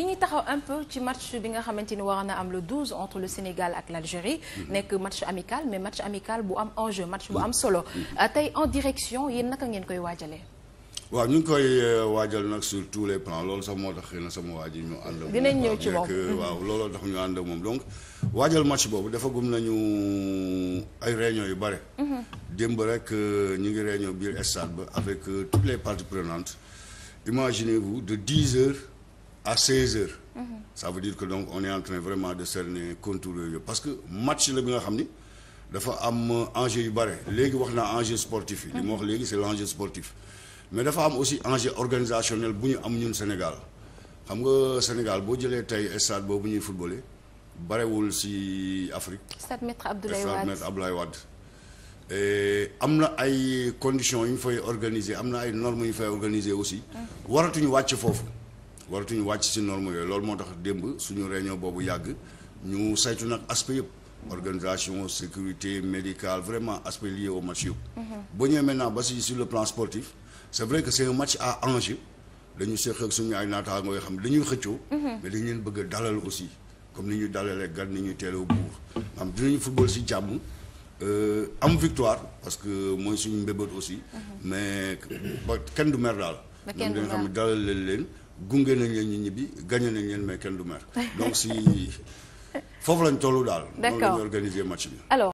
ñu taxaw un peu ci match bi nga xamante ni war na am le 12 entre le Sénégal ak l'Algérie mhm. nekk match amical mais match amical bu am enjeu match bu am solo mhm. euh, tey en direction yéen naka ngeen koy waajalee waaw ñu ngi koy euh, waajal nag sur tous les plans loolu sax moo tax na sama waa ji ñu ànd moom dinañ ñëw ci moom mhm. waaw looloo tax ñu ànd moom donc waajal match boobu dafa gum nañu ay réunion yu bare démb rek euh, ñu ngi réunion biir stade ba avec toutes les parties prenantes imaginez-vous de dix heures à 16 heures. Mm -hmm. que donc on vraiment de cerner contour yooyu parce que match la bi nga xam ni dafa am enjeu yu bare léegi wax naa enjeu sportif yi. li wax léegi c'est l'enjeu sportif. mais dafa am aussi enjeu organisationnel bu ñu am ñun Sénégal xam nga Sénégal boo jëlee tey stade boobu ñuy footballé barewul si Afrique. stade Maître Abdoulaye Wade stade am na ay conditions yu ñu fay organiser am na ay normes yu ñu fay organiser aussi. Mm. waratuñu wàcc foofu. waratuñu wàcc ci norme yooyu loolu moo tax démb suñu réunion boobu yàgg ñu saytu nag aspect yëpp organisation sécurité médicale vraiment aspect lié au match yëpp mm-hmm. boo ñëwee maintenant ba si sur le plan sportif c'est vrai que c'est un match à enjeu dañu seq ak suñu ay naataangoo yoo xam ne dañuy xëccoo mm-hmm. mais dañu leen bëgg a dalal aussi comme ni ñuy dalalee gan ni ñu teelew buur am dinañu football si jàmm euh, am victoire parce que mooy suñu mbébét aussi mm-hmm. mais kenn du mer daal ñoom xam ne leen leen gunge nañ leen ñu ñibbi gagné nañ leen mais kenn du mer donc si foofu lañ toll daal. d'accord noonu la organiser match bi.